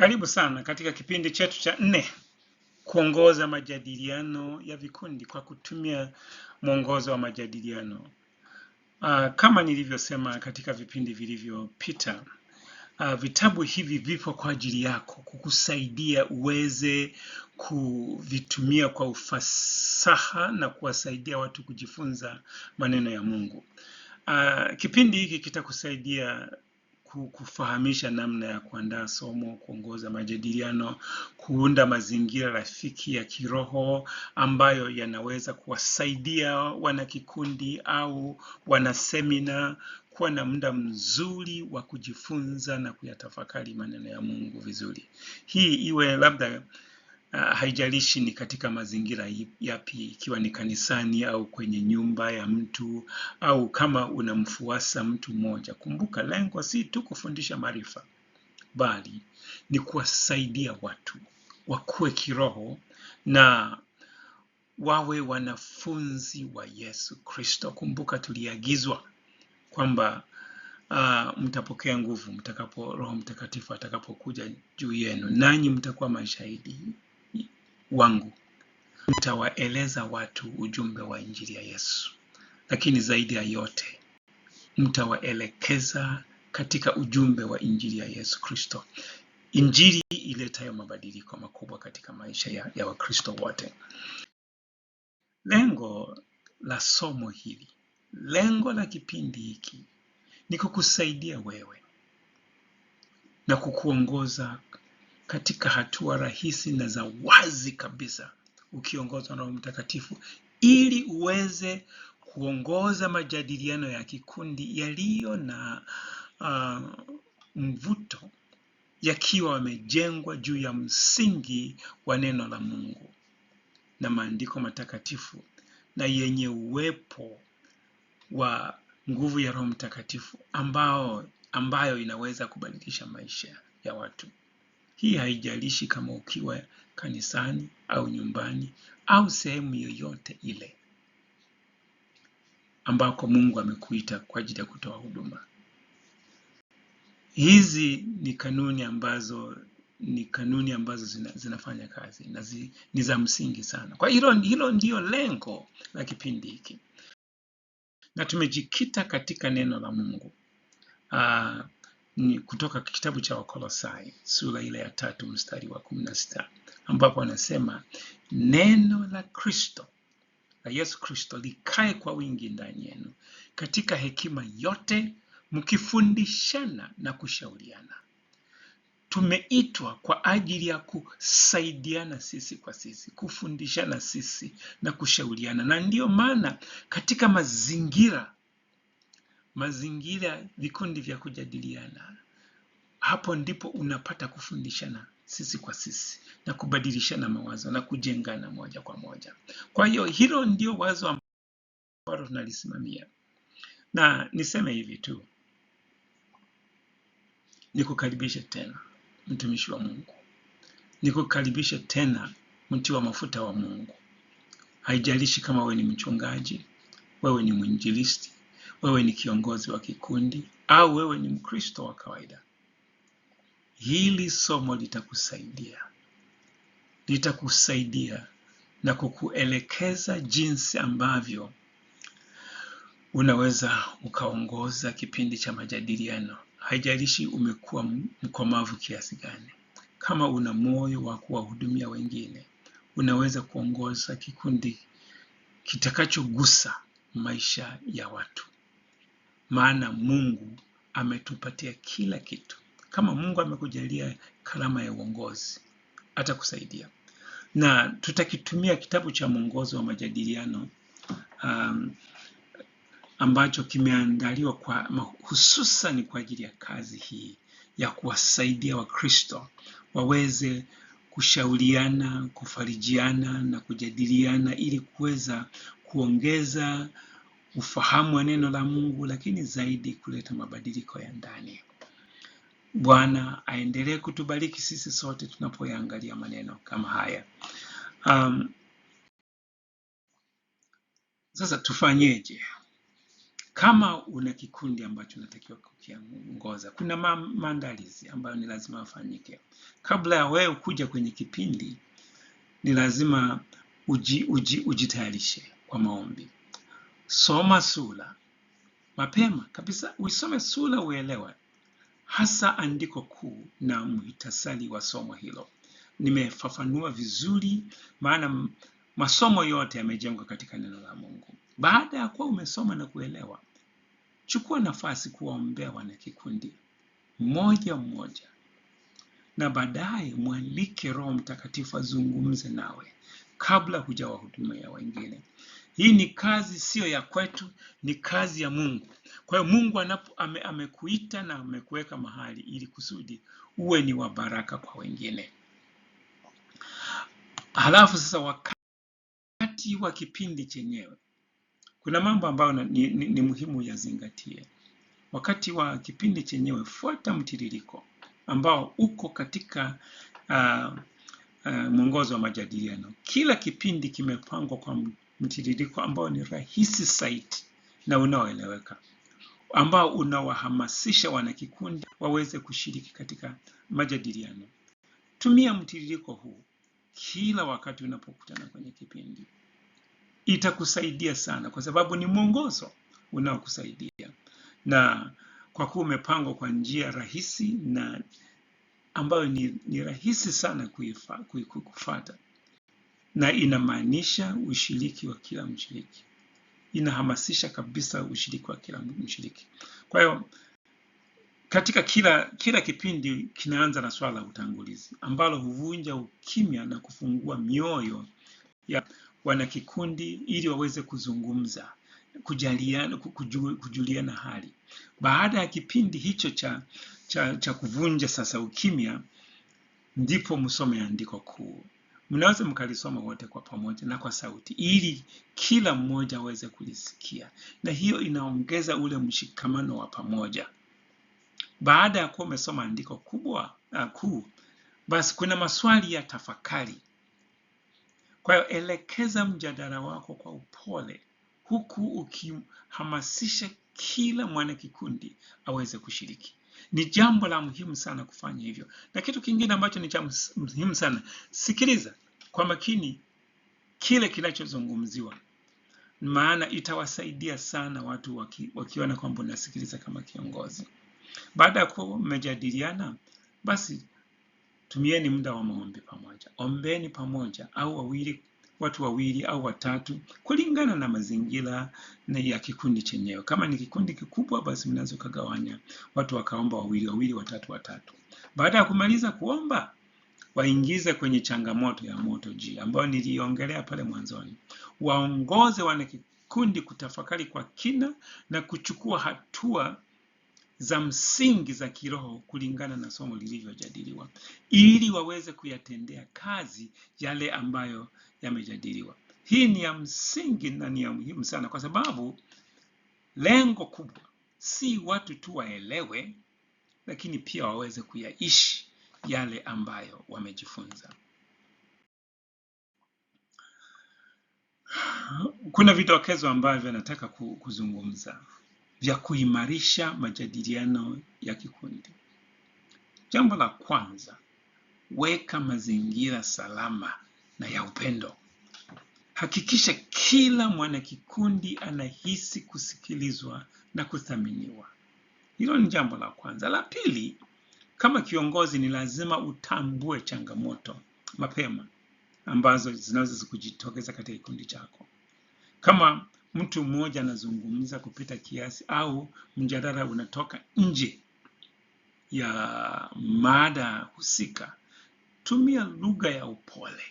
Karibu sana katika kipindi chetu cha nne, kuongoza majadiliano ya vikundi kwa kutumia mwongozo wa majadiliano. Uh, kama nilivyosema katika vipindi vilivyopita, uh, vitabu hivi vipo kwa ajili yako kukusaidia uweze kuvitumia kwa ufasaha na kuwasaidia watu kujifunza maneno ya Mungu. Uh, kipindi hiki kitakusaidia kufahamisha namna ya kuandaa somo, kuongoza majadiliano, kuunda mazingira rafiki ya kiroho ambayo yanaweza kuwasaidia wanakikundi au wanasemina kuwa na muda mzuri wa kujifunza na kuyatafakari maneno ya Mungu vizuri. Hii iwe labda Ah, haijalishi ni katika mazingira yapi, ikiwa ni kanisani au kwenye nyumba ya mtu au kama unamfuasa mtu mmoja. Kumbuka, lengo si tu kufundisha maarifa, bali ni kuwasaidia watu wakue kiroho na wawe wanafunzi wa Yesu Kristo. Kumbuka tuliagizwa kwamba uh, mtapokea nguvu mtakapo Roho Mtakatifu atakapokuja juu yenu, nanyi mtakuwa mashahidi wangu mtawaeleza watu ujumbe wa injili ya Yesu, lakini zaidi ya yote mtawaelekeza katika ujumbe wa injili ya Yesu Kristo, injili iletayo mabadiliko makubwa katika maisha ya, ya Wakristo wote. Lengo la somo hili, lengo la kipindi hiki ni kukusaidia wewe na kukuongoza katika hatua rahisi na za wazi kabisa ukiongozwa na Roho Mtakatifu ili uweze kuongoza majadiliano ya kikundi yaliyo na uh, mvuto yakiwa wamejengwa juu ya msingi wa neno la Mungu na maandiko matakatifu na yenye uwepo wa nguvu ya Roho Mtakatifu ambao ambayo inaweza kubadilisha maisha ya watu. Hii haijalishi kama ukiwa kanisani au nyumbani au sehemu yoyote ile ambako Mungu amekuita kwa ajili ya kutoa huduma. Hizi ni kanuni ambazo ni kanuni ambazo zina, zinafanya kazi na zi, ni za msingi sana. Kwa hilo, hilo ndio lengo la kipindi hiki, na tumejikita katika neno la Mungu. Aa, ah, ni kutoka kitabu cha Wakolosai sura ile ya tatu mstari wa kumi na sita ambapo anasema neno la Kristo la Yesu Kristo likae kwa wingi ndani yenu katika hekima yote mkifundishana na kushauriana. Tumeitwa kwa ajili ya kusaidiana sisi kwa sisi, kufundishana sisi na kushauriana, na ndiyo maana katika mazingira mazingira, vikundi vya kujadiliana. Hapo ndipo unapata kufundishana sisi kwa sisi na kubadilishana mawazo na kujengana moja kwa moja. Kwa hiyo hilo ndio wazo ambalo tunalisimamia, na niseme hivi tu, nikukaribishe tena mtumishi wa Mungu, nikukaribishe tena mti wa mafuta wa Mungu. Haijalishi kama wewe ni mchungaji, wewe ni mwinjilisti, wewe ni kiongozi wa kikundi au wewe ni Mkristo wa kawaida, hili somo litakusaidia litakusaidia na kukuelekeza jinsi ambavyo unaweza ukaongoza kipindi cha majadiliano. Haijalishi umekuwa mkomavu kiasi gani, kama una moyo wa kuwahudumia wengine, unaweza kuongoza kikundi kitakachogusa maisha ya watu maana Mungu ametupatia kila kitu. Kama Mungu amekujalia karama ya uongozi, atakusaidia na tutakitumia kitabu cha mwongozo wa majadiliano um, ambacho kimeandaliwa kwa hususan kwa ajili ya kazi hii ya kuwasaidia Wakristo waweze kushauriana, kufarijiana na kujadiliana ili kuweza kuongeza ufahamu wa neno la Mungu, lakini zaidi kuleta mabadiliko ya ndani. Bwana aendelee kutubariki sisi sote tunapoyaangalia maneno kama haya. Um, sasa tufanyeje? Kama una kikundi ambacho unatakiwa kukiongoza, kuna maandalizi ambayo ni lazima afanyike kabla ya wewe kuja kwenye kipindi. Ni lazima uji, uji, ujitayarishe kwa maombi. Soma sura mapema kabisa, uisome sura uelewe hasa andiko kuu na muhtasari wa somo hilo. Nimefafanua vizuri, maana masomo yote yamejengwa katika neno la Mungu. Baada ya kuwa umesoma na kuelewa, chukua nafasi kuwaombea wana kikundi mmoja mmoja, na baadaye mwalike Roho Mtakatifu azungumze nawe kabla hujawahudumia wengine. Hii ni kazi siyo ya kwetu, ni kazi ya Mungu. Kwa hiyo Mungu anapo, ame, amekuita na amekuweka mahali ili kusudi uwe ni wa baraka kwa wengine. Halafu sasa wakati wa kipindi chenyewe kuna mambo ambayo ni, ni, ni muhimu yazingatie. Wakati wa kipindi chenyewe fuata mtiririko ambao uko katika uh, uh, mwongozo wa majadiliano. Kila kipindi kimepangwa kwa mtiririko ambao ni rahisi zaidi na unaoeleweka ambao unawahamasisha wanakikundi waweze kushiriki katika majadiliano. Tumia mtiririko huu kila wakati unapokutana kwenye kipindi. Itakusaidia sana kwa sababu ni mwongozo unaokusaidia na kwa kuwa umepangwa kwa njia rahisi na ambayo ni, ni rahisi sana kuifa, kufata na inamaanisha ushiriki wa kila mshiriki. Inahamasisha kabisa ushiriki wa kila mshiriki. Kwa hiyo katika kila, kila kipindi kinaanza na swala la utangulizi ambalo huvunja ukimya na kufungua mioyo ya wanakikundi ili waweze kuzungumza, kujaliana, kujuliana hali. Baada ya kipindi hicho cha, cha, cha kuvunja sasa ukimya, ndipo msome andiko kuu. Mnaweza mkalisoma wote kwa pamoja na kwa sauti ili kila mmoja aweze kulisikia, na hiyo inaongeza ule mshikamano wa pamoja. Baada ya kuwa umesoma andiko kubwa uh, kuu, basi kuna maswali ya tafakari. Kwa hiyo elekeza mjadala wako kwa upole, huku ukihamasisha kila mwanakikundi aweze kushiriki. Ni jambo la muhimu sana kufanya hivyo, na kitu kingine ambacho ni cha muhimu sana, sikiliza kwa makini kile kinachozungumziwa, maana itawasaidia sana watu waki, wakiona kwamba unasikiliza kama kiongozi. Baada ya kuwa mmejadiliana, basi tumieni muda wa maombi pamoja, ombeni pamoja au wawili watu wawili au watatu kulingana na mazingira ya kikundi chenyewe. Kama ni kikundi kikubwa, basi mnaweza ukagawanya watu wakaomba wawili wawili, watatu watatu. Baada ya kumaliza kuomba, waingize kwenye changamoto ya moto ji ambayo niliongelea pale mwanzoni. Waongoze wana kikundi kutafakari kwa kina na kuchukua hatua za msingi za kiroho kulingana na somo lilivyojadiliwa, ili waweze kuyatendea kazi yale ambayo yamejadiliwa. Hii ni ya msingi na ni ya muhimu sana, kwa sababu lengo kubwa si watu tu waelewe, lakini pia waweze kuyaishi yale ambayo wamejifunza. Kuna vidokezo ambavyo nataka kuzungumza vya kuimarisha majadiliano ya kikundi. Jambo la kwanza, weka mazingira salama na ya upendo. Hakikisha kila mwanakikundi anahisi kusikilizwa na kuthaminiwa. Hilo ni jambo la kwanza. La pili, kama kiongozi ni lazima utambue changamoto mapema ambazo zinaweza zikujitokeza katika kikundi chako. Kama mtu mmoja anazungumza kupita kiasi au mjadala unatoka nje ya mada husika, tumia lugha ya upole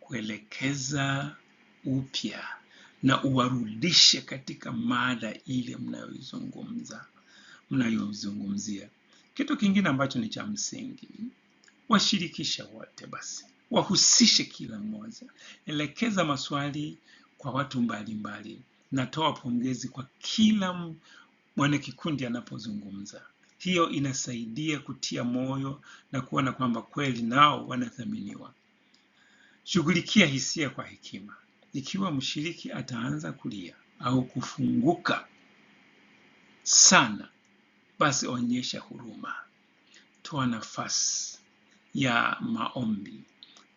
kuelekeza upya na uwarudishe katika mada ile mnayoizungumza mnayozungumzia. Kitu kingine ambacho ni cha msingi, washirikishe wote basi, wahusishe kila mmoja, elekeza maswali kwa watu mbalimbali. Natoa pongezi kwa kila mwanakikundi anapozungumza. Hiyo inasaidia kutia moyo na kuona kwamba kweli nao wanathaminiwa. Shughulikia hisia kwa hekima. Ikiwa mshiriki ataanza kulia au kufunguka sana, basi onyesha huruma. Toa nafasi ya maombi,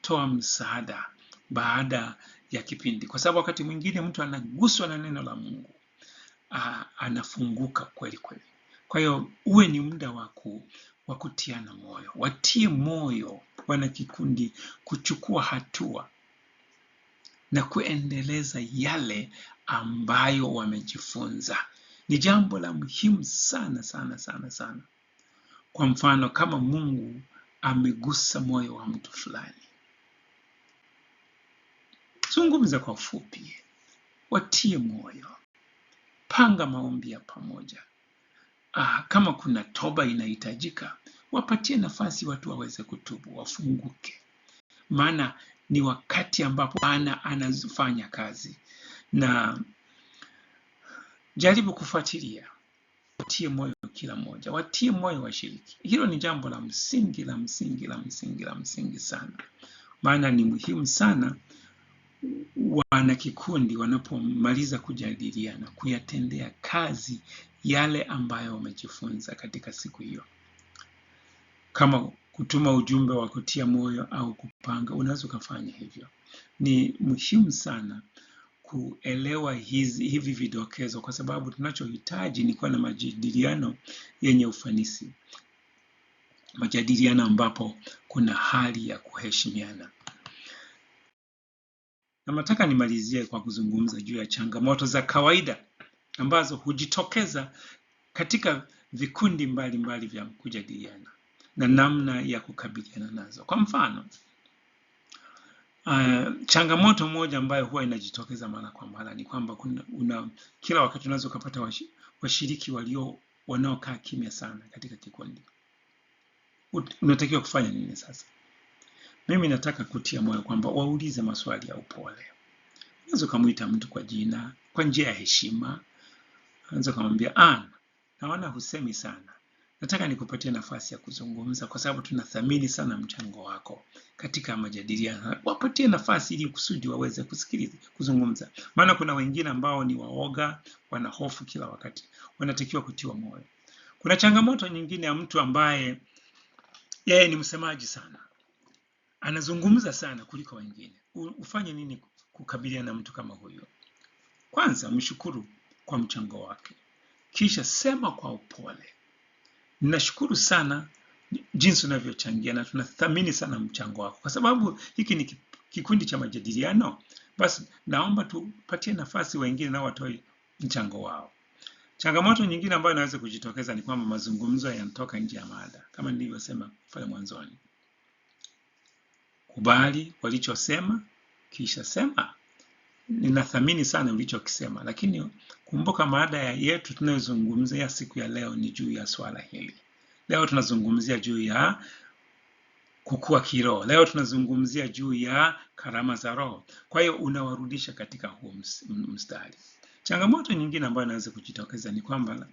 toa msaada baada ya kipindi, kwa sababu wakati mwingine mtu anaguswa na neno la Mungu a, anafunguka kweli kweli. Kwa hiyo uwe ni muda wa wa kutiana moyo, watie moyo wana kikundi kuchukua hatua na kuendeleza yale ambayo wamejifunza. Ni jambo la muhimu sana sana sana sana. Kwa mfano, kama Mungu amegusa moyo wa mtu fulani Zungumza kwa ufupi, watie moyo, panga maombi ya pamoja. Ah, kama kuna toba inahitajika, wapatie nafasi watu waweze kutubu, wafunguke, maana ni wakati ambapo Bwana anazifanya kazi, na jaribu kufuatilia watie moyo kila mmoja, watie moyo washiriki. Hilo ni jambo la msingi la msingi la msingi la msingi sana, maana ni muhimu sana wanakikundi wanapomaliza kujadiliana kuyatendea kazi yale ambayo wamejifunza katika siku hiyo. Kama kutuma ujumbe wa kutia moyo au kupanga, unaweza ukafanya hivyo. Ni muhimu sana kuelewa hizi, hivi vidokezo kwa sababu tunachohitaji ni kuwa na majadiliano yenye ufanisi, majadiliano ambapo kuna hali ya kuheshimiana na nataka nimalizie kwa kuzungumza juu ya changamoto za kawaida ambazo hujitokeza katika vikundi mbalimbali mbali vya kujadiliana na namna ya kukabiliana nazo. Kwa mfano, uh, changamoto moja ambayo huwa inajitokeza mara kwa mara ni kwamba kuna, una, kila wakati unaweza ukapata washiriki walio wanaokaa kimya sana katika kikundi. Unatakiwa kufanya nini sasa? Mimi nataka kutia moyo kwamba waulize maswali ya upole. Unaweza ukamwita mtu kwa jina, kwa njia ya heshima. Unaweza ukamwambia Ann, ah, naona husemi sana, nataka nikupatie nafasi ya kuzungumza kwa sababu tunathamini sana mchango wako katika majadiliano. Wapatie nafasi ili kusudi waweze kusikiliza, kuzungumza, maana kuna wengine ambao ni waoga, wana hofu kila wakati, wanatakiwa kutiwa moyo. Kuna changamoto nyingine ya mtu ambaye yeye ni msemaji sana anazungumza sana kuliko wengine. Ufanye nini kukabiliana na mtu kama huyo? Kwanza mshukuru kwa mchango wake, kisha sema kwa upole, ninashukuru sana jinsi unavyochangia na tunathamini sana mchango wako. Kwa sababu hiki ni kikundi cha majadiliano, basi naomba tupatie nafasi wengine nao watoe mchango wao. Changamoto nyingine ambayo inaweza kujitokeza ni kwamba mazungumzo yanatoka nje ya mada, kama nilivyosema pale mwanzoni kubali walichosema, kisha sema ninathamini sana ulichokisema. Lakini kumbuka mada yetu tunayozungumzia siku ya leo ni juu ya swala hili. Leo tunazungumzia juu ya kukua kiroho. Leo tunazungumzia juu ya karama za Roho. Kwa hiyo unawarudisha katika huo mstari. Changamoto nyingine ambayo inaweza kujitokeza ni kwamba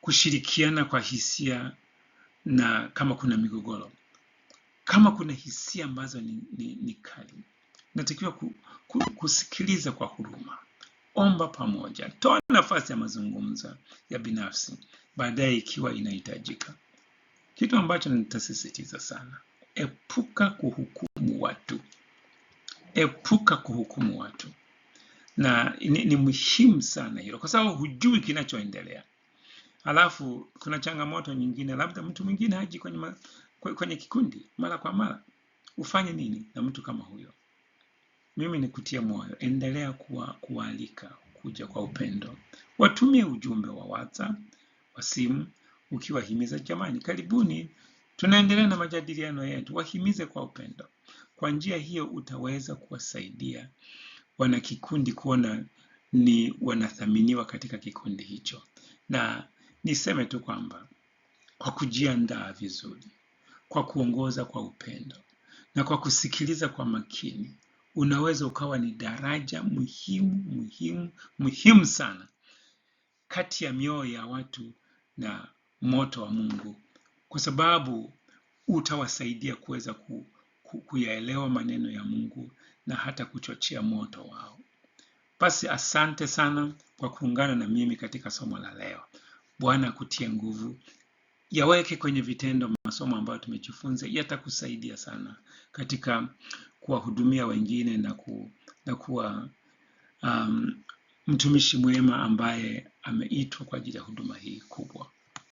kushirikiana kwa hisia na kama kuna migogoro kama kuna hisia ambazo ni, ni, ni kali, natakiwa ku, ku, kusikiliza kwa huruma. Omba pamoja, toa nafasi ya mazungumzo ya binafsi baadaye ikiwa inahitajika. Kitu ambacho nitasisitiza sana, epuka kuhukumu watu, epuka kuhukumu watu na ni, ni muhimu sana hilo, kwa sababu hujui kinachoendelea. Alafu kuna changamoto nyingine, labda mtu mwingine haji kwenye kwenye kikundi mara kwa mara. Ufanye nini na mtu kama huyo? Mimi ni kutia moyo, endelea kuwa, kuwaalika kuja kwa upendo. Watumie ujumbe wa WhatsApp, wa simu, ukiwahimiza jamani, karibuni, tunaendelea na majadiliano yetu. Wahimize kwa upendo. Kwa njia hiyo utaweza kuwasaidia wanakikundi kuona ni wanathaminiwa katika kikundi hicho, na niseme tu kwamba kwa kujiandaa vizuri kwa kuongoza kwa upendo na kwa kusikiliza kwa makini, unaweza ukawa ni daraja muhimu muhimu muhimu sana kati ya mioyo ya watu na moto wa Mungu, kwa sababu utawasaidia kuweza ku, ku, kuyaelewa maneno ya Mungu na hata kuchochea moto wao. Basi asante sana kwa kuungana na mimi katika somo la leo. Bwana akutie nguvu yaweke kwenye vitendo masomo ambayo tumejifunza, yatakusaidia sana katika kuwahudumia wengine na, ku, na kuwa um, mtumishi mwema ambaye ameitwa kwa ajili ya huduma hii kubwa.